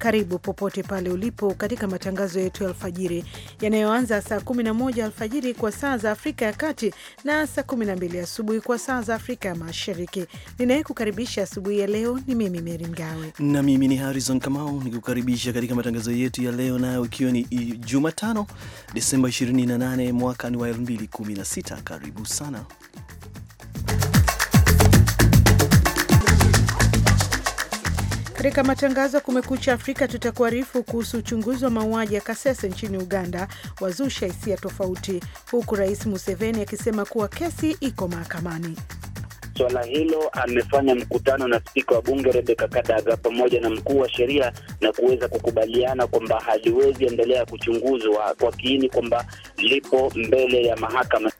Karibu popote pale ulipo katika matangazo yetu ya alfajiri yanayoanza saa 11 alfajiri kwa saa za Afrika ya Kati na saa 12 asubuhi kwa saa za Afrika ya Mashariki. Ninayekukaribisha asubuhi ya leo ni mimi Meri Mgawe na mimi ni Harrison Kamau nikukaribisha katika matangazo yetu ya leo, nayo ikiwa ni Jumatano Desemba 28 mwaka ni wa 2016. Karibu sana Katika matangazo ya Kumekucha Afrika tutakuarifu kuhusu uchunguzi wa mauaji ya Kasese nchini Uganda wazusha hisia tofauti, huku Rais Museveni akisema kuwa kesi iko mahakamani. Swala hilo amefanya mkutano na spika wa bunge Rebeka Kadaga pamoja na mkuu wa sheria na kuweza kukubaliana kwamba haliwezi endelea kuchunguzwa kwa kiini kwamba lipo mbele ya mahakama.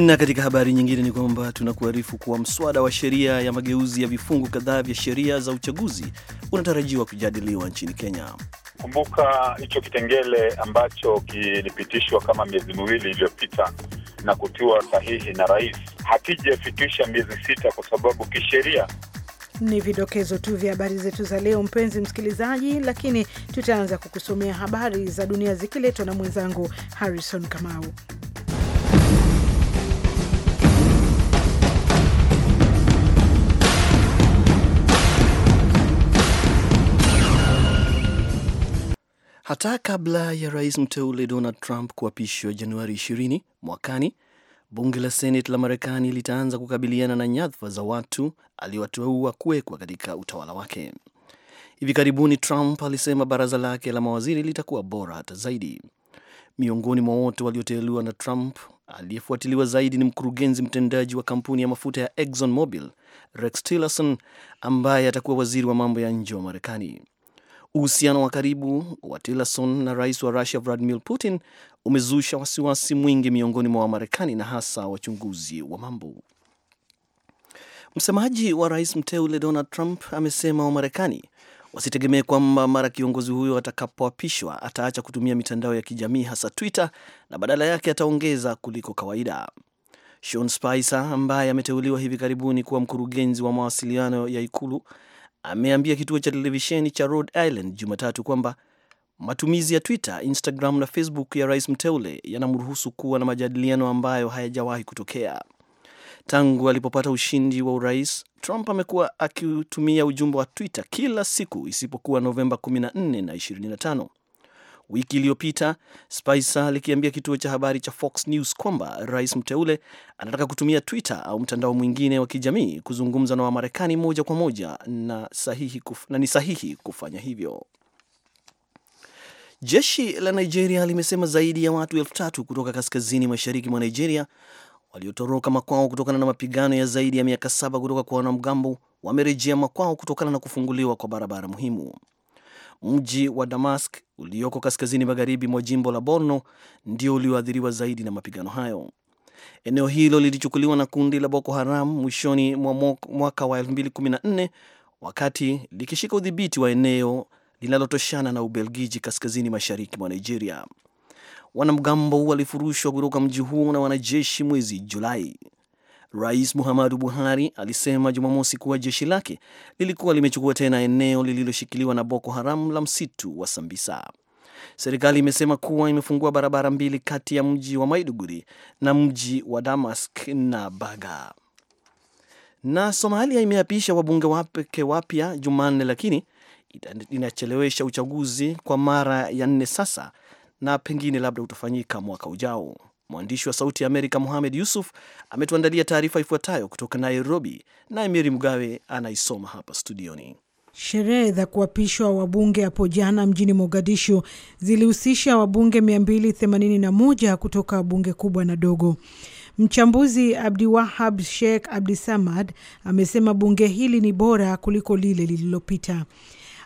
Na katika habari nyingine ni kwamba tunakuarifu kuwa mswada wa sheria ya mageuzi ya vifungu kadhaa vya sheria za uchaguzi unatarajiwa kujadiliwa nchini Kenya. Kumbuka hicho kitengele ambacho kilipitishwa kama miezi miwili iliyopita na kutiwa sahihi na rais, hakijafikisha miezi sita kwa sababu kisheria ni vidokezo tu vya habari zetu za leo, mpenzi msikilizaji, lakini tutaanza kukusomea habari za dunia zikiletwa na mwenzangu Harrison Kamau. Hata kabla ya rais mteule Donald Trump kuapishwa Januari 20 mwakani, bunge la Senate la Marekani litaanza kukabiliana na nyadhifa za watu aliowateua kuwekwa katika utawala wake. Hivi karibuni Trump alisema baraza lake la mawaziri litakuwa bora hata zaidi. Miongoni mwa wote walioteuliwa na Trump, aliyefuatiliwa zaidi ni mkurugenzi mtendaji wa kampuni ya mafuta ya Exxon Mobil Rex Tillerson, ambaye atakuwa waziri wa mambo ya nje wa Marekani. Uhusiano wa karibu wa Tillerson na rais wa Russia Vladimir Putin umezusha wasiwasi mwingi miongoni mwa Wamarekani na hasa wachunguzi wa mambo. Msemaji wa rais mteule Donald Trump amesema Wamarekani wasitegemee kwamba mara kiongozi huyo atakapoapishwa ataacha kutumia mitandao ya kijamii hasa Twitter na badala yake ataongeza kuliko kawaida. Sean Spicer ambaye ameteuliwa hivi karibuni kuwa mkurugenzi wa mawasiliano ya ikulu ameambia kituo cha televisheni cha Rhode Island Jumatatu kwamba matumizi ya Twitter, Instagram na Facebook ya rais mteule yanamruhusu kuwa na majadiliano ambayo hayajawahi kutokea tangu alipopata ushindi wa urais. Trump amekuwa akitumia ujumbe wa Twitter kila siku isipokuwa Novemba 14 na 25. Wiki iliyopita Spicer alikiambia kituo cha habari cha Fox News kwamba rais mteule anataka kutumia Twitter au mtandao mwingine wa kijamii kuzungumza na Wamarekani moja kwa moja na, sahihi kuf, na ni sahihi kufanya hivyo. Jeshi la Nigeria limesema zaidi ya watu elfu tatu kutoka kaskazini mashariki mwa Nigeria waliotoroka makwao kutokana na mapigano ya zaidi ya miaka saba kutoka kwa wanamgambo wamerejea makwao kutokana na kufunguliwa kwa barabara muhimu. Mji wa Damask ulioko kaskazini magharibi mwa jimbo la Borno ndio ulioathiriwa zaidi na mapigano hayo. Eneo hilo lilichukuliwa na kundi la Boko Haram mwishoni mwa mwaka wa 2014 wakati likishika udhibiti wa eneo linalotoshana na Ubelgiji kaskazini mashariki mwa Nigeria. Wanamgambo walifurushwa kutoka mji huo na wanajeshi mwezi Julai. Rais Muhammadu Buhari alisema Jumamosi kuwa jeshi lake lilikuwa limechukua tena eneo lililoshikiliwa na Boko Haram la msitu wa Sambisa. Serikali imesema kuwa imefungua barabara mbili kati ya mji wa Maiduguri na mji wa Damask na Baga. Na Somalia imeapisha wabunge wake wapya Jumanne, lakini inachelewesha uchaguzi kwa mara ya nne sasa, na pengine labda utafanyika mwaka ujao. Mwandishi wa Sauti ya Amerika muhamed Yusuf ametuandalia taarifa ifuatayo kutoka Nairobi, naye Meri Mgawe anaisoma hapa studioni. Sherehe za kuapishwa wabunge hapo jana mjini Mogadishu zilihusisha wabunge 281 kutoka bunge kubwa na dogo. Mchambuzi wahab Sheikh abdi samad amesema bunge hili ni bora kuliko lile lililopita.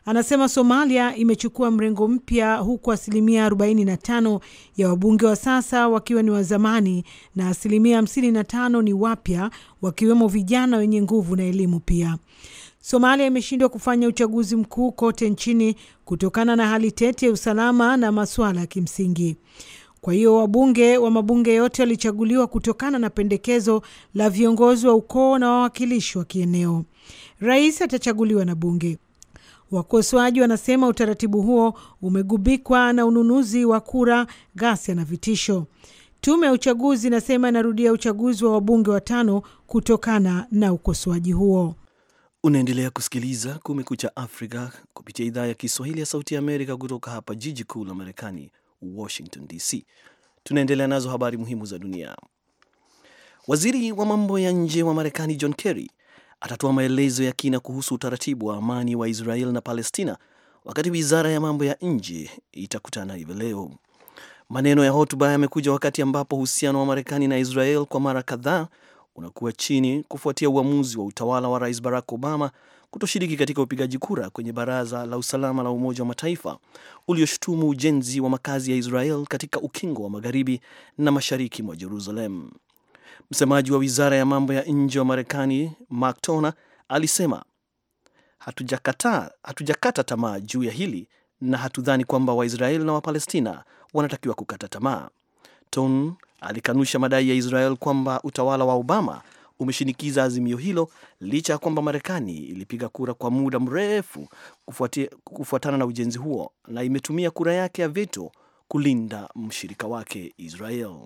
Anasema Somalia imechukua mrengo mpya huku asilimia 45 ya wabunge wa sasa wakiwa ni wa zamani na asilimia 55 ni wapya, wakiwemo vijana wenye nguvu na elimu pia. Somalia imeshindwa kufanya uchaguzi mkuu kote nchini kutokana na hali tete ya usalama na masuala ya kimsingi. Kwa hiyo wabunge wa mabunge yote walichaguliwa kutokana na pendekezo la viongozi wa ukoo na wawakilishi wa kieneo. Rais atachaguliwa na bunge. Wakosoaji wanasema utaratibu huo umegubikwa na ununuzi wa kura, ghasia na vitisho. Tume ya uchaguzi inasema inarudia uchaguzi wa wabunge watano kutokana na ukosoaji huo. Unaendelea kusikiliza Kumekucha Afrika kupitia idhaa ya Kiswahili ya Sauti ya Amerika kutoka hapa jiji kuu la Marekani, Washington DC. Tunaendelea nazo habari muhimu za dunia. Waziri wa mambo ya nje wa Marekani John Kerry atatoa maelezo ya kina kuhusu utaratibu wa amani wa Israel na Palestina wakati wizara ya mambo ya nje itakutana hivi leo. Maneno ya hotuba yamekuja wakati ambapo uhusiano wa Marekani na Israel kwa mara kadhaa unakuwa chini kufuatia uamuzi wa utawala wa Rais Barack Obama kutoshiriki katika upigaji kura kwenye Baraza la Usalama la Umoja wa Mataifa ulioshutumu ujenzi wa makazi ya Israel katika ukingo wa magharibi na mashariki mwa Jerusalem. Msemaji wa wizara ya mambo ya nje wa Marekani Mark Toner alisema hatujakata, hatujakata tamaa juu ya hili na hatudhani kwamba waisrael na Wapalestina wanatakiwa kukata tamaa. ton alikanusha madai ya Israel kwamba utawala wa Obama umeshinikiza azimio hilo licha ya kwamba Marekani ilipiga kura kwa muda mrefu kufuatana na ujenzi huo na imetumia kura yake ya veto kulinda mshirika wake Israel.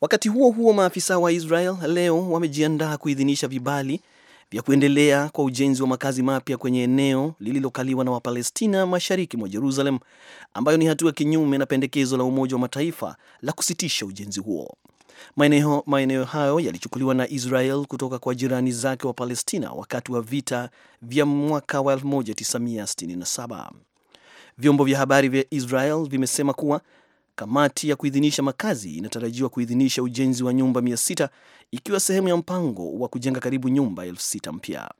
Wakati huo huo, maafisa wa Israel leo wamejiandaa kuidhinisha vibali vya kuendelea kwa ujenzi wa makazi mapya kwenye eneo lililokaliwa na Wapalestina mashariki mwa Jerusalem, ambayo ni hatua kinyume na pendekezo la Umoja wa Mataifa la kusitisha ujenzi huo. Maeneo hayo yalichukuliwa na Israel kutoka kwa jirani zake wa Palestina wakati wa vita vya mwaka wa 1967. Vyombo vya habari vya Israel vimesema kuwa Kamati ya kuidhinisha makazi inatarajiwa kuidhinisha ujenzi wa nyumba 6 ikiwa sehemu ya mpango wa kujenga karibu nyumba 6 mpya.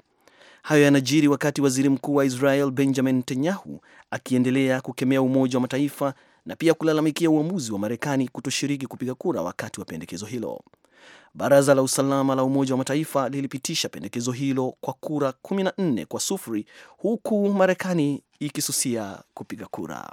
Hayo yanajiri wakati waziri mkuu wa Israel Benjamin Netanyahu akiendelea kukemea Umoja wa Mataifa na pia kulalamikia uamuzi wa Marekani kutoshiriki kupiga kura wakati wa pendekezo hilo. Baraza la Usalama la Umoja wa Mataifa lilipitisha pendekezo hilo kwa kura 14 kwa sufuri huku Marekani ikisusia kupiga kura.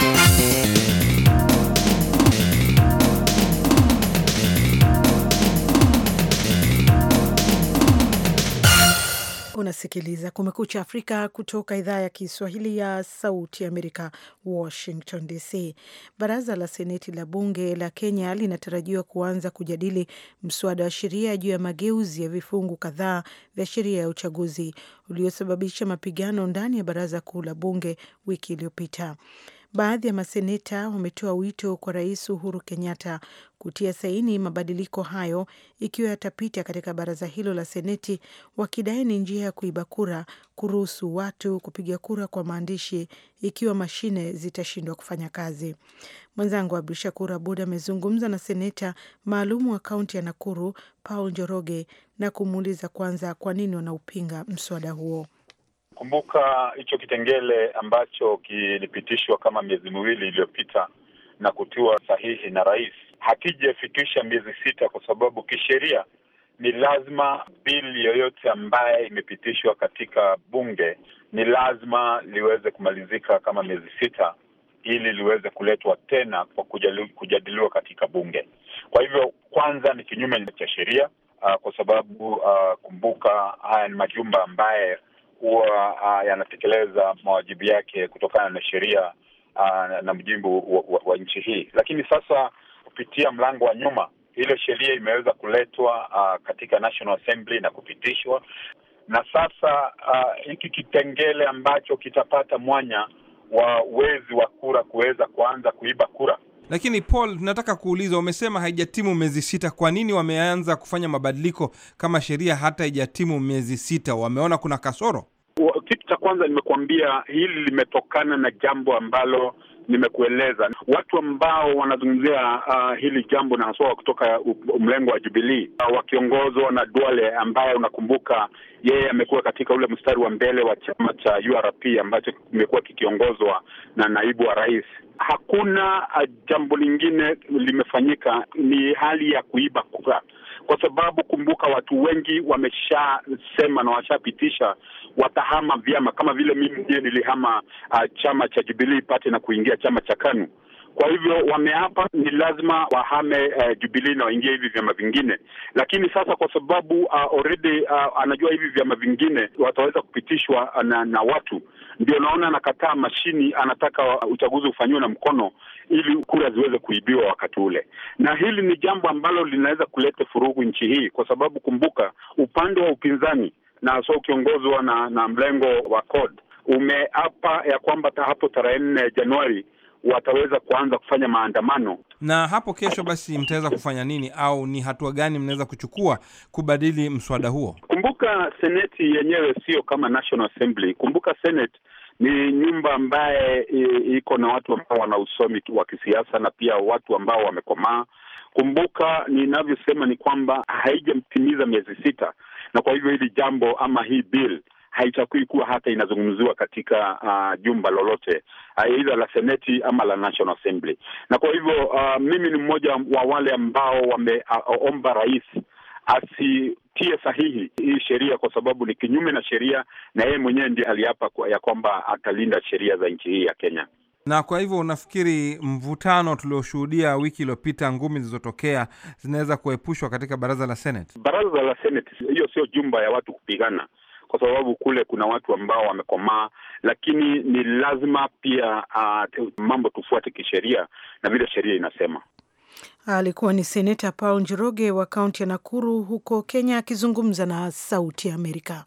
unasikiliza Kumekucha Afrika kutoka idhaa ya Kiswahili ya Sauti Amerika, Washington DC. Baraza la Seneti la Bunge la Kenya linatarajiwa kuanza kujadili mswada wa sheria juu ya mageuzi ya vifungu kadhaa vya sheria ya uchaguzi uliosababisha mapigano ndani ya Baraza Kuu la Bunge wiki iliyopita baadhi ya maseneta wametoa wito kwa Rais Uhuru Kenyatta kutia saini mabadiliko hayo ikiwa yatapita katika baraza hilo la Seneti, wakidai ni njia ya kuiba kura kuruhusu watu kupiga kura kwa maandishi ikiwa mashine zitashindwa kufanya kazi. Mwenzangu Abdu Shakur Abud amezungumza na seneta maalumu wa kaunti ya Nakuru Paul Njoroge na kumuuliza kwanza kwa nini wanaupinga mswada huo. Kumbuka hicho kitengele ambacho kilipitishwa kama miezi miwili iliyopita na kutiwa sahihi na rais, hakijafikisha miezi sita, kwa sababu kisheria ni lazima bili yoyote ambaye imepitishwa katika bunge ni lazima liweze kumalizika kama miezi sita ili liweze kuletwa tena kwa kujadiliwa katika bunge. Kwa hivyo, kwanza ni kinyume cha sheria, ah, kwa sababu uh, kumbuka haya ni majumba ambaye hayakuwa uh, ah, yanatekeleza mawajibu yake kutokana na sheria uh, na mjimbo wa, wa, wa nchi hii. Lakini sasa kupitia mlango wa nyuma ile sheria imeweza kuletwa uh, katika National Assembly na kupitishwa, na sasa hiki uh, kipengele ambacho kitapata mwanya wa wezi wa kura kuweza kuanza kuiba kura lakini Paul, tunataka kuuliza, umesema haijatimu miezi sita. Kwa nini wameanza kufanya mabadiliko kama sheria hata haijatimu miezi sita? Wameona kuna kasoro. Kitu cha kwanza nimekuambia, hili limetokana na jambo ambalo nimekueleza, watu ambao wanazungumzia uh, hili jambo na haswa kutoka mlengo wa Jubilii uh, wakiongozwa na Duale ambaye unakumbuka yeye amekuwa katika ule mstari wa mbele wa chama cha URP ambacho kimekuwa kikiongozwa na naibu wa rais. Hakuna uh, jambo lingine limefanyika, ni hali ya kuiba kura kwa sababu kumbuka, watu wengi wameshasema na washapitisha watahama vyama, kama vile mimi ndiye nilihama uh, chama cha Jubilee Party na kuingia chama cha KANU. Kwa hivyo wameapa ni lazima wahame uh, Jubilee na waingie hivi vyama vingine, lakini sasa kwa sababu uh, already uh, anajua hivi vyama vingine wataweza kupitishwa ah, na, na watu, ndio naona anakataa mashini, anataka uchaguzi ufanyiwe na mkono ili kura ziweze kuibiwa wakati ule, na hili ni jambo ambalo linaweza kuleta furugu nchi hii, kwa sababu kumbuka, upande wa upinzani na haswa ukiongozwa na, na mlengo wa CORD umeapa ya kwamba hapo tarehe nne Januari wataweza kuanza kufanya maandamano. Na hapo kesho basi mtaweza kufanya nini, au ni hatua gani mnaweza kuchukua kubadili mswada huo? Kumbuka seneti yenyewe sio kama National Assembly. Kumbuka seneti ni nyumba ambaye iko na watu ambao wana usomi wa kisiasa na pia watu ambao wamekomaa. Kumbuka ninavyosema ni kwamba haijamtimiza miezi sita, na kwa hivyo hili jambo ama hii bill haitakui kuwa hata inazungumziwa katika uh, jumba lolote aidha uh, la Seneti ama la National Assembly. Na kwa hivyo uh, mimi ni mmoja wa wale ambao wameomba uh, rais asitie sahihi hii sheria kwa sababu ni kinyume na sheria, na yeye mwenyewe ndiye aliapa kwa ya kwamba atalinda sheria za nchi hii ya Kenya. Na kwa hivyo unafikiri mvutano tulioshuhudia wiki iliyopita, ngumi zilizotokea zinaweza kuepushwa katika baraza la Senate? Baraza la Senate hiyo sio jumba ya watu kupigana kwa sababu kule kuna watu ambao wamekomaa, lakini ni lazima pia uh, mambo tufuate kisheria na vile sheria inasema. Alikuwa ni Seneta Paul Njoroge wa kaunti ya Nakuru huko Kenya akizungumza na Sauti ya Amerika.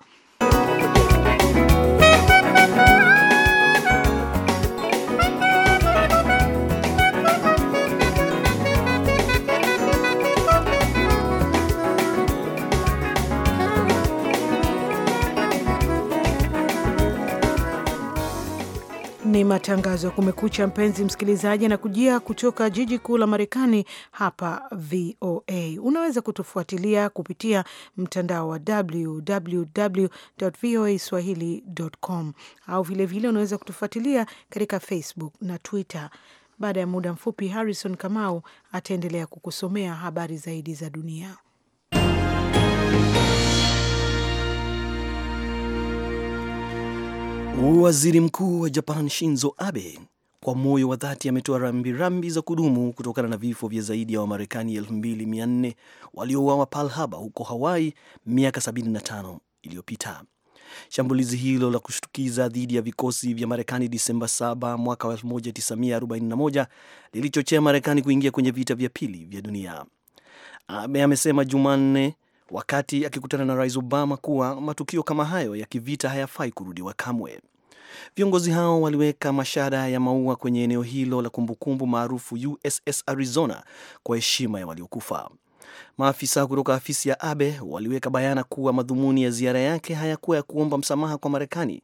Ni matangazo ya Kumekucha, mpenzi msikilizaji, na kujia kutoka jiji kuu la Marekani hapa VOA. Unaweza kutufuatilia kupitia mtandao wa swahilicom au vilevile vile unaweza kutufuatilia katika Facebook na Twitter. Baada ya muda mfupi, Harrison Kamau ataendelea kukusomea habari zaidi za dunia. Waziri Mkuu wa Japan Shinzo Abe kwa moyo wa dhati ametoa rambirambi za kudumu kutokana na vifo vya zaidi ya Wamarekani 2400 waliouawa Pearl Harbor huko Hawaii miaka 75 iliyopita. Shambulizi hilo la kushtukiza dhidi ya vikosi vya Marekani Disemba 7 mwaka 1941 lilichochea Marekani kuingia kwenye vita vya pili vya dunia. Abe amesema Jumanne wakati akikutana na Rais Obama kuwa matukio kama hayo ya kivita hayafai kurudiwa kamwe. Viongozi hao waliweka mashada ya maua kwenye eneo hilo la kumbukumbu maarufu USS Arizona kwa heshima ya waliokufa. Maafisa kutoka afisi ya Abe waliweka bayana kuwa madhumuni ya ziara yake hayakuwa ya kuomba msamaha kwa Marekani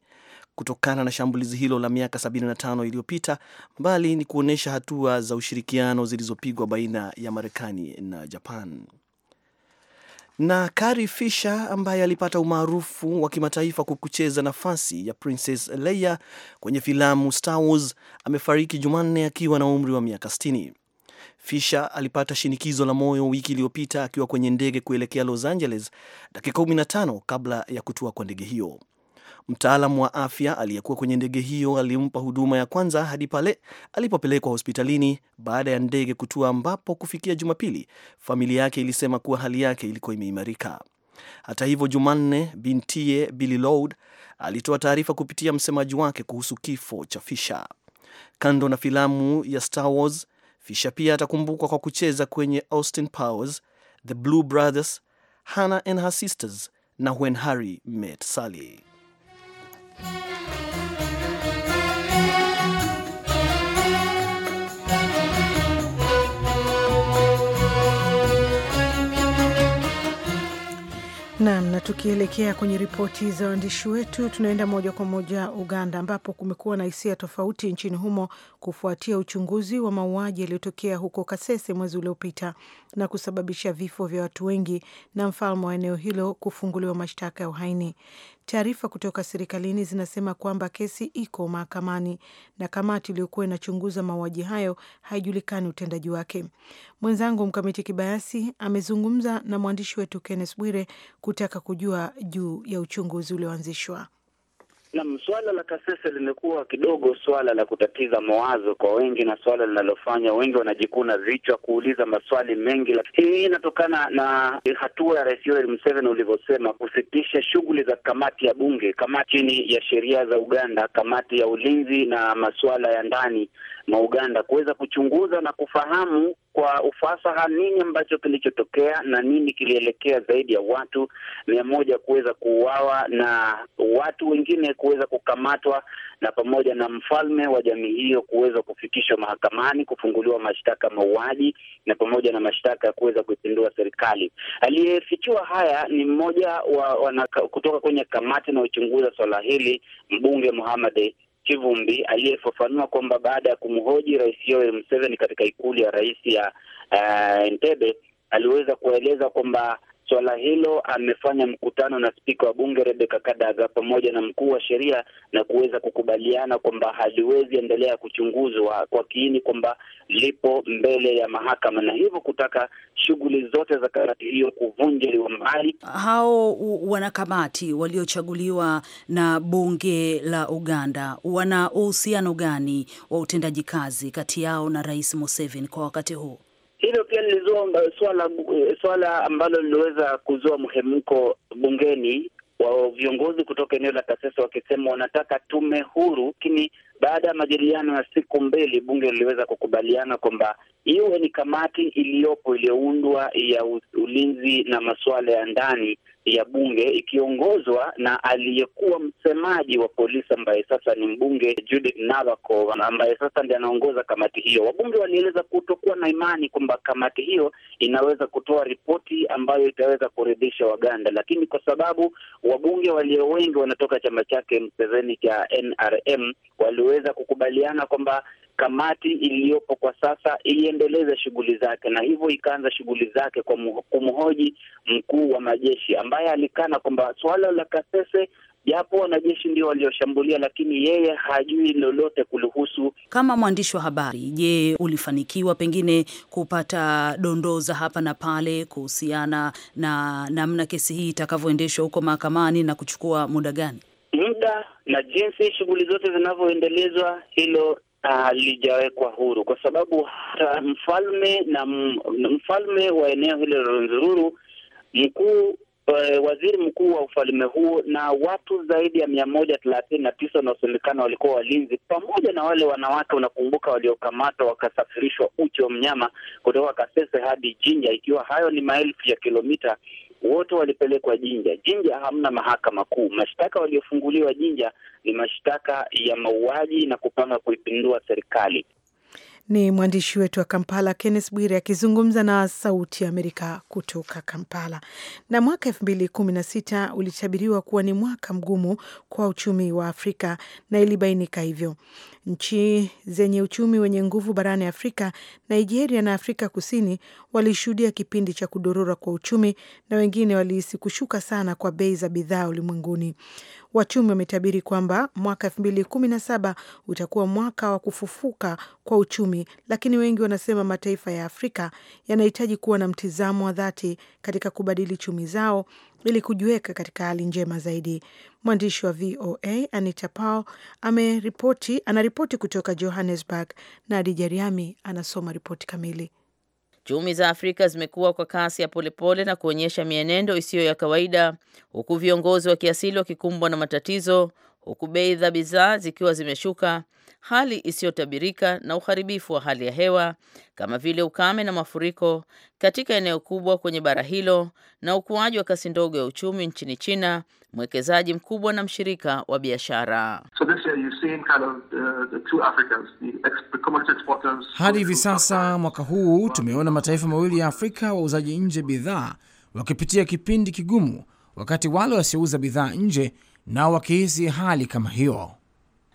kutokana na shambulizi hilo la miaka 75 iliyopita, bali ni kuonyesha hatua za ushirikiano zilizopigwa baina ya Marekani na Japan na Carrie Fisher ambaye alipata umaarufu wa kimataifa kwa kucheza nafasi ya Princess Leia kwenye filamu Star Wars amefariki Jumanne akiwa na umri wa miaka 60. Fisher alipata shinikizo la moyo wiki iliyopita akiwa kwenye ndege kuelekea Los Angeles, dakika 15 kabla ya kutua kwa ndege hiyo. Mtaalam wa afya aliyekuwa kwenye ndege hiyo alimpa huduma ya kwanza hadi pale alipopelekwa hospitalini baada ya ndege kutua, ambapo kufikia Jumapili familia yake ilisema kuwa hali yake ilikuwa imeimarika. Hata hivyo, Jumanne, bintie Billy lod alitoa taarifa kupitia msemaji wake kuhusu kifo cha fisha Kando na filamu ya Star Wars, pia atakumbukwa kwa kucheza kwenye Austin Powers, The Blue Brothers, Hannah and Her Sisters na When Harry Met Sally. Nam, na tukielekea kwenye ripoti za waandishi wetu, tunaenda moja kwa moja Uganda, ambapo kumekuwa na hisia tofauti nchini humo kufuatia uchunguzi wa mauaji yaliyotokea huko Kasese mwezi uliopita na kusababisha vifo vya watu wengi na mfalme wa eneo hilo kufunguliwa mashtaka ya uhaini. Taarifa kutoka serikalini zinasema kwamba kesi iko mahakamani na kamati iliyokuwa inachunguza mauaji hayo haijulikani utendaji wake. Mwenzangu Mkamiti Kibayasi amezungumza na mwandishi wetu Kennes Bwire kutaka kujua juu ya uchunguzi ulioanzishwa. Naam, swala la Kasese limekuwa kidogo swala la kutatiza mawazo kwa wengi, na swala linalofanya wengi wanajikuna vichwa kuuliza maswali mengi. Hii inatokana na hatua ya Rais Yoweri Museveni ulivyosema, kusitisha shughuli za kamati ya bunge, kamati chini ya sheria za Uganda, kamati ya ulinzi na masuala ya ndani mwa Uganda kuweza kuchunguza na kufahamu kwa ufasaha nini ambacho kilichotokea na nini kilielekea zaidi ya watu mia moja kuweza kuuawa na watu wengine kuweza kukamatwa na pamoja na mfalme wa jamii hiyo kuweza kufikishwa mahakamani, kufunguliwa mashtaka mauaji na pamoja na mashtaka ya kuweza kuipindua serikali. Aliyefichua haya ni mmoja wa, wa kutoka kwenye kamati na uchunguza swala hili, mbunge Muhammad Kivumbi aliyefafanua kwamba baada ya kumhoji Rais Yoweri Museveni katika ikulu ya rais ya uh, Entebbe aliweza kueleza kwamba Swala hilo amefanya mkutano na spika wa bunge Rebeka Kadaga pamoja na mkuu wa sheria na kuweza kukubaliana kwamba haliwezi endelea kuchunguzwa kwa kiini kwamba lipo mbele ya mahakama, na hivyo kutaka shughuli zote za kamati hiyo kuvunjiliwa mbali. Hao wanakamati waliochaguliwa na bunge la Uganda wana uhusiano gani wa utendaji kazi kati yao na Rais Museveni kwa wakati huu? Hilo pia lilizua eh, swala eh, swala ambalo liliweza kuzua mhemko bungeni wa viongozi kutoka eneo la Kasese wakisema wanataka tume huru, lakini baada ya majadiliano ya siku mbili bunge liliweza kukubaliana kwamba iwe ni kamati iliyopo iliyoundwa ya ulinzi na masuala ya ndani ya bunge ikiongozwa na aliyekuwa msemaji wa polisi ambaye sasa ni mbunge Judith Navakov, ambaye sasa ndiye anaongoza kamati hiyo. Wabunge walieleza kutokuwa na imani kwamba kamati hiyo inaweza kutoa ripoti ambayo itaweza kuridhisha Waganda, lakini kwa sababu wabunge walio wengi wanatoka chama chake Mseveni cha NRM waliweza kukubaliana kwamba kamati iliyopo kwa sasa iliendeleza shughuli zake, na hivyo ikaanza shughuli zake kwa kumhoji mkuu wa majeshi ambaye alikana kwamba suala la Kasese japo wanajeshi ndio walioshambulia, lakini yeye hajui lolote kulihusu. Kama mwandishi wa habari, je, ulifanikiwa pengine kupata dondoo za hapa na pale kuhusiana na namna kesi hii itakavyoendeshwa huko mahakamani na kuchukua muda gani, muda na jinsi shughuli zote zinavyoendelezwa? Hilo Ah, halijawekwa huru, kwa sababu hata mfalme na mfalme wa eneo hilo la Rwenzururu, mkuu eh, waziri mkuu wa ufalme huo na watu zaidi ya mia moja thelathini na tisa wanaosemekana walikuwa walinzi, pamoja na wale wanawake, unakumbuka, waliokamatwa wakasafirishwa uchi wa mnyama kutoka Kasese hadi Jinja, ikiwa hayo ni maelfu ya kilomita wote walipelekwa Jinja. Jinja hamna mahakama kuu. Mashtaka waliofunguliwa Jinja ni mashtaka ya mauaji na kupanga kuipindua serikali. Ni mwandishi wetu wa Kampala, kennes Bwire, akizungumza na Sauti ya Amerika kutoka Kampala. Na mwaka elfu mbili kumi na sita ulitabiriwa kuwa ni mwaka mgumu kwa uchumi wa Afrika na ilibainika hivyo. Nchi zenye uchumi wenye nguvu barani Afrika, Nigeria na Afrika Kusini, walishuhudia kipindi cha kudorora kwa uchumi na wengine walihisi kushuka sana kwa bei za bidhaa ulimwenguni. Wachumi wametabiri kwamba mwaka elfu mbili kumi na saba utakuwa mwaka wa kufufuka kwa uchumi, lakini wengi wanasema mataifa ya Afrika yanahitaji kuwa na mtizamo wa dhati katika kubadili chumi zao ili kujiweka katika hali njema zaidi. Mwandishi wa VOA Anita Powell ameripoti, anaripoti kutoka Johannesburg na Adija Riami anasoma ripoti kamili. Chumi za Afrika zimekuwa kwa kasi ya polepole na kuonyesha mienendo isiyo ya kawaida, huku viongozi wa kiasili wakikumbwa na matatizo, huku bei za bidhaa zikiwa zimeshuka hali isiyotabirika na uharibifu wa hali ya hewa kama vile ukame na mafuriko katika eneo kubwa kwenye bara hilo na ukuaji wa kasi ndogo ya uchumi nchini China, mwekezaji mkubwa na mshirika wa biashara. So uh, hadi hivi sasa mwaka huu tumeona mataifa mawili ya Afrika wauzaji nje bidhaa wakipitia kipindi kigumu, wakati wale wasiouza bidhaa nje nao wakihisi hali kama hiyo.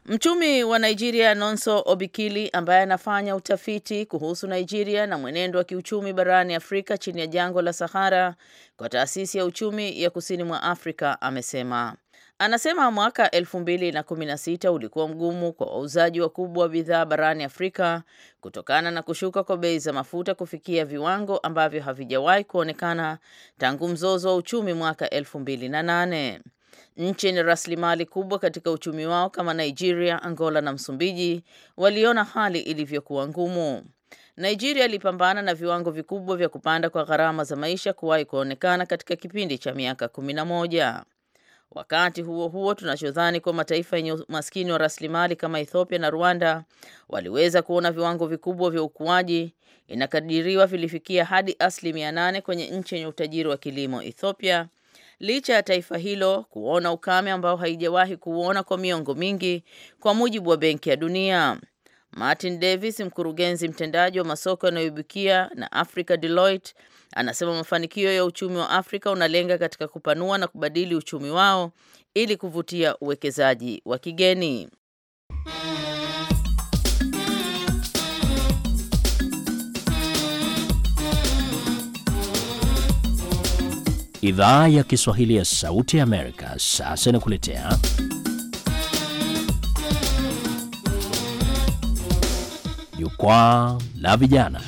Mchumi wa Nigeria Nonso Obikili ambaye anafanya utafiti kuhusu Nigeria na mwenendo wa kiuchumi barani Afrika chini ya jangwa la Sahara kwa taasisi ya uchumi ya kusini mwa Afrika amesema anasema mwaka 2016 ulikuwa mgumu kwa wauzaji wakubwa wa bidhaa barani Afrika kutokana na kushuka kwa bei za mafuta kufikia viwango ambavyo havijawahi kuonekana tangu mzozo wa uchumi mwaka 2008. Nchi yenye rasilimali kubwa katika uchumi wao kama Nigeria, Angola na Msumbiji waliona hali ilivyokuwa ngumu. Nigeria ilipambana na viwango vikubwa vya kupanda kwa gharama za maisha kuwahi kuonekana katika kipindi cha miaka kumi na moja. Wakati huo huo, tunachodhani kuwa mataifa yenye umaskini wa rasilimali kama Ethiopia na Rwanda waliweza kuona viwango vikubwa vya ukuaji, inakadiriwa vilifikia hadi asilimia nane kwenye nchi yenye utajiri wa kilimo Ethiopia licha ya taifa hilo kuona ukame ambao haijawahi kuuona kwa miongo mingi, kwa mujibu wa Benki ya Dunia. Martin Davis, mkurugenzi mtendaji wa masoko yanayoibukia na Africa Deloitte, anasema mafanikio ya uchumi wa Afrika unalenga katika kupanua na kubadili uchumi wao ili kuvutia uwekezaji wa kigeni. Idhaa ya Kiswahili ya Sauti ya Amerika sasa inakuletea Jukwaa la Vijana.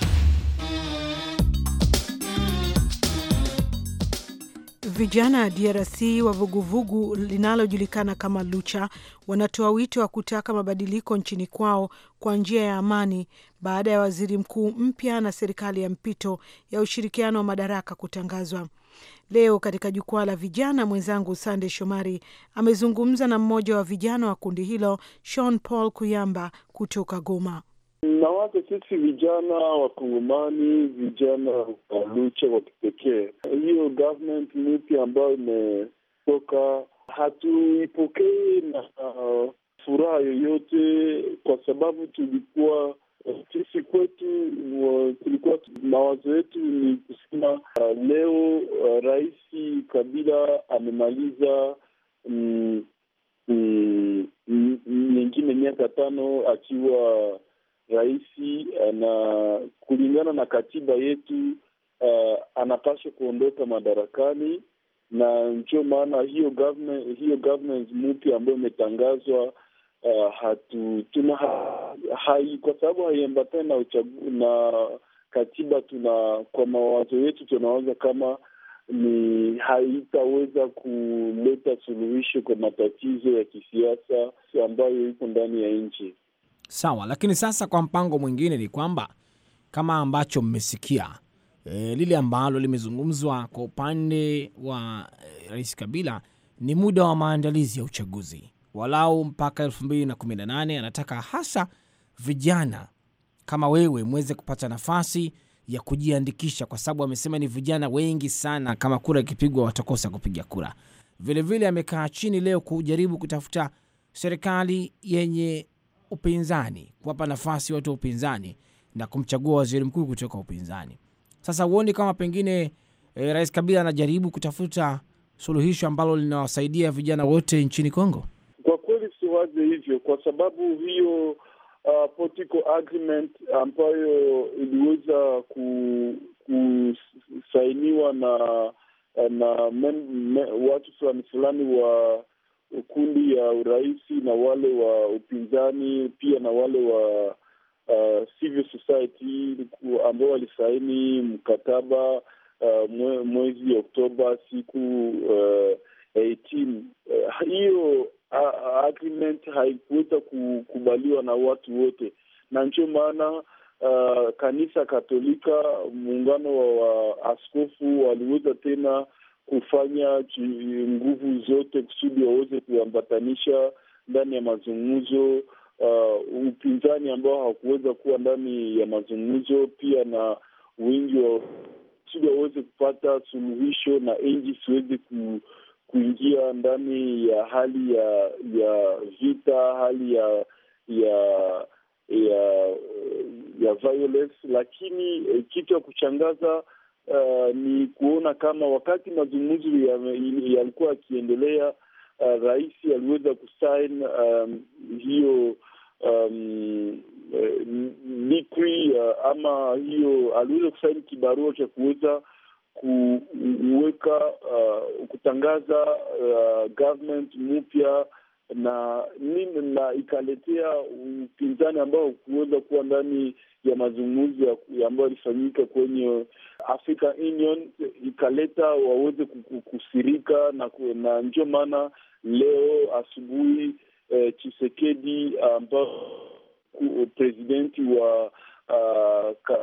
Vijana DRC wa vuguvugu linalojulikana kama Lucha wanatoa wito wa kutaka mabadiliko nchini kwao kwa njia ya amani baada ya waziri mkuu mpya na serikali ya mpito ya ushirikiano wa madaraka kutangazwa. Leo katika jukwaa la vijana, mwenzangu Sande Shomari amezungumza na mmoja wa vijana wa kundi hilo, Sean Paul Kuyamba kutoka Goma. Na wake sisi vijana Wakongomani, vijana wa Lucha wa kipekee, hiyo government mpya ambayo imetoka hatuipokei na uh, furaha yoyote, kwa sababu tulikuwa sisi kwetu tulikuwa mawazo yetu ni kusema uh, leo uh, Rais Kabila amemaliza mm, mm, mm miaka tano akiwa raisi, uh, na kulingana na katiba yetu uh, anapaswa kuondoka madarakani, na ndio maana hiyo government, hiyo government mpya ambayo imetangazwa Eh, hatu tuna ha, hai, kwa sababu haiambatani na uchagu, na katiba tuna kwa mawazo yetu tunawaza kama ni haitaweza kuleta suluhisho kwa matatizo ya kisiasa ambayo iko ndani ya nchi. Sawa, lakini sasa kwa mpango mwingine ni kwamba kama ambacho mmesikia e, lile ambalo limezungumzwa kwa upande wa e, Rais Kabila ni muda wa maandalizi ya uchaguzi walau mpaka 218 Anataka hasa vijana kama wewe mweze kupata nafasi ya kujiandikisha, kwa sababu amesema ni vijana wengi sana, kama kura ikipigwa watakosa kupiga kura. Vilevile amekaa chini leo kujaribu kutafuta serikali yenye upinzani, kuwapa nafasi watu wa upinzani na kumchagua waziri mkuu kutoka upinzani. Sasa huoni kama pengine e, Rais Kabila anajaribu kutafuta suluhisho ambalo linawasaidia vijana wote nchini Kongo? waze hivyo, kwa sababu hiyo uh, political agreement ambayo iliweza kusainiwa na na men, me, watu fulani fulani wa kundi ya urahisi na wale wa upinzani pia na wale wa uh, civil society ambao walisaini mkataba uh, mwe, mwezi Oktoba siku uh, 18 uh, hiyo agreement haikuweza kukubaliwa na watu wote, na ndio maana uh, kanisa Katolika, muungano wa waaskofu waliweza tena kufanya nguvu zote kusudi waweze kuambatanisha ndani ya mazungumzo uh, upinzani ambao hawakuweza kuwa ndani ya mazungumzo pia na wingi wa kusudi waweze kupata suluhisho na nji siweze ku kuingia ndani ya hali ya ya vita, hali ya ya ya ya violence. Lakini eh, kitu ya kuchangaza uh, eh, ni kuona kama wakati mazungumzo yalikuwa ya yakiendelea, uh, rais aliweza kusain um, hiyo um, uh, nikwi uh, ama hiyo aliweza kusaini kibarua cha kuweza kuweka uh, kutangaza uh, government mpya na nini na ikaletea upinzani ambao kuweza kuwa ndani ya mazungumzo ambayo yalifanyika kwenye Africa Union, ikaleta waweze kusirika na, na ndio maana leo asubuhi eh, Chisekedi ambao presidenti wa uh, ka,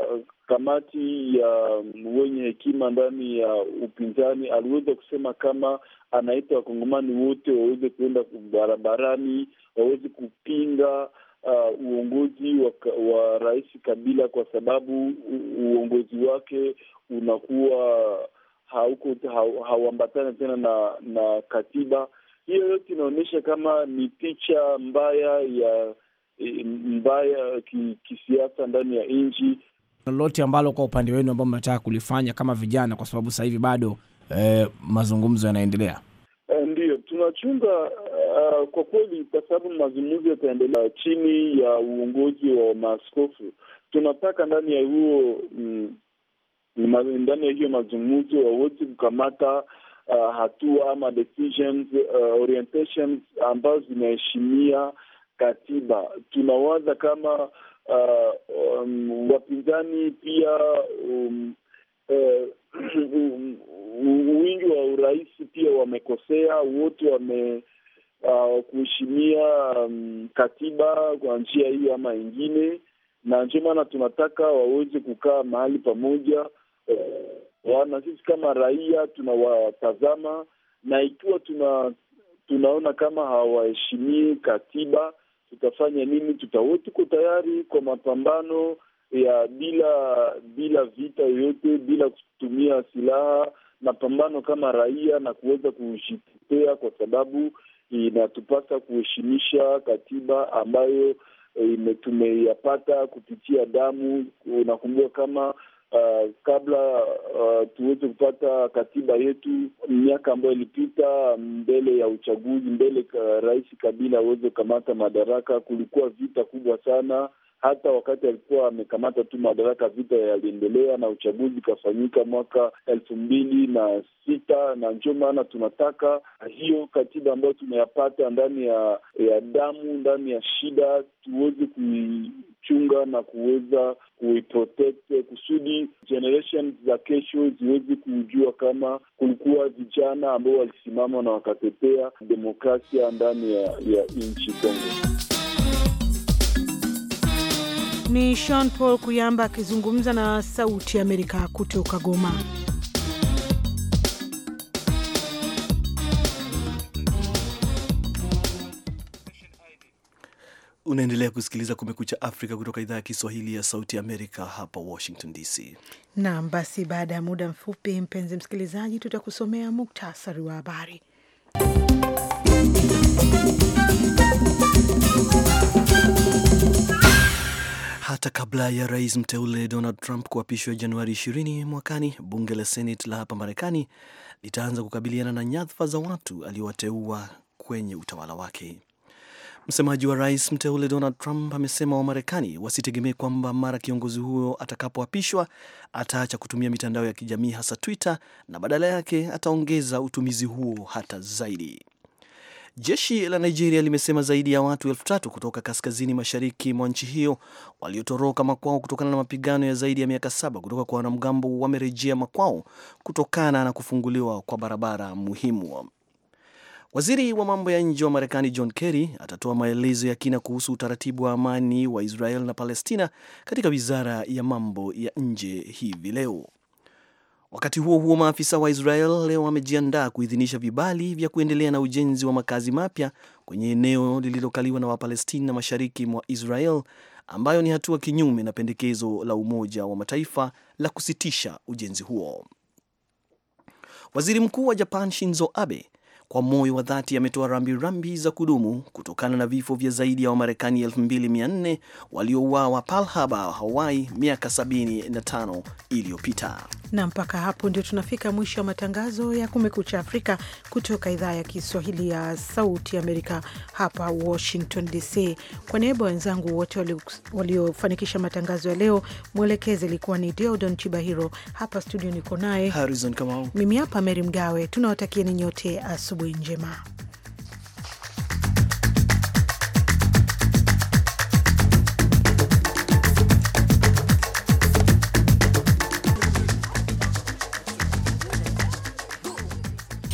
kamati ya uh, wenye hekima ndani ya uh, upinzani aliweza kusema kama anaita wakongomani wote waweze kuenda barabarani waweze kupinga Uh, uongozi wa, wa Rais Kabila kwa sababu u, uongozi wake unakuwa hauko hauambatana tena na na katiba. Hiyo yote inaonyesha kama ni picha mbaya ya Eh, mbaya ki, kisiasa ndani ya nchi. Lolote ambalo kwa upande wenu ambao mnataka kulifanya kama vijana, kwa sababu sasa hivi bado e, mazungumzo yanaendelea? Eh, Ndiyo, tunachunga uh, kwa kweli, kwa sababu mazungumzo yataendelea chini ya uongozi wa maaskofu. Tunataka ndani ya huo mm, ndani ya hiyo mazungumzo waweze kukamata uh, hatua ama decisions, uh, orientations ambazo zinaheshimia katiba. Tunawaza kama uh, um, wapinzani pia um, uh, wingi wa urais pia wamekosea, wote wame uh, kuheshimia um, katiba kwa njia hii ama ingine, na ndio maana tunataka waweze kukaa mahali pamoja uh, na sisi kama raia tunawatazama, na ikiwa tuna tunaona kama hawaheshimii katiba tutafanya nini? Tutawe tuko tayari kwa mapambano ya bila bila vita yoyote, bila kutumia silaha, mapambano kama raia na kuweza kujitetea, kwa sababu inatupasa kuheshimisha katiba ambayo eh, tumeyapata kupitia damu. Unakumbuka kama uh, kabla uh, tuweze kupata katiba yetu miaka ambayo ilipita mbele ya uchaguzi, mbele ka rais Kabila aweze kukamata madaraka, kulikuwa vita kubwa sana hata wakati alikuwa amekamata tu madaraka, vita yaliendelea na uchaguzi ikafanyika mwaka elfu mbili na sita na ndio maana tunataka hiyo katiba ambayo tumeyapata ndani ya, ya damu ndani ya shida tuweze kuichunga na kuweza kuiprotect kusudi generation za kesho ziweze kujua kama kulikuwa vijana ambao walisimama na wakatetea demokrasia ndani ya, ya nchi Kongo. Ni Sean Paul Kuyamba akizungumza na Sauti Amerika kutoka Goma. Unaendelea kusikiliza Kumekucha Afrika kutoka idhaa ya Kiswahili ya Sauti Amerika, hapa Washington DC. Naam, basi baada ya muda mfupi, mpenzi msikilizaji, tutakusomea muktasari wa habari. Hata kabla ya rais mteule Donald Trump kuapishwa Januari 20 mwakani, bunge la Senate la hapa Marekani litaanza kukabiliana na nyadhifa za watu aliowateua kwenye utawala wake. Msemaji wa rais mteule Donald Trump amesema Wamarekani wasitegemee kwamba mara kiongozi huyo atakapoapishwa ataacha kutumia mitandao ya kijamii hasa Twitter na badala yake ataongeza utumizi huo hata zaidi. Jeshi la Nigeria limesema zaidi ya watu elfu tatu kutoka kaskazini mashariki mwa nchi hiyo waliotoroka makwao kutokana na mapigano ya zaidi ya miaka saba kutoka kwa wanamgambo wamerejea makwao kutokana na kufunguliwa kwa barabara muhimu. Waziri wa mambo ya nje wa Marekani John Kerry atatoa maelezo ya kina kuhusu utaratibu wa amani wa Israel na Palestina katika wizara ya mambo ya nje hivi leo. Wakati huo huo, maafisa wa Israel leo wamejiandaa kuidhinisha vibali vya kuendelea na ujenzi wa makazi mapya kwenye eneo lililokaliwa na Wapalestina mashariki mwa Israel, ambayo ni hatua kinyume na pendekezo la Umoja wa Mataifa la kusitisha ujenzi huo. Waziri Mkuu wa Japan Shinzo Abe kwa moyo wa dhati ametoa rambirambi za kudumu kutokana na vifo vya zaidi ya Wamarekani 2400 waliouawa Pearl Harbor, Hawaii miaka 75 iliyopita. Na mpaka hapo ndio tunafika mwisho wa matangazo ya Kumekucha Afrika kutoka idhaa ya Kiswahili ya Sauti Amerika hapa Washington DC. Kwa niaba wenzangu wote waliofanikisha matangazo ya leo, mwelekezi ilikuwa ni Deodon Chibahiro, hapa studio niko naye Harrison Kamau, mimi hapa Meri Mgawe, tunawatakieni nyote asu asubuhi njema.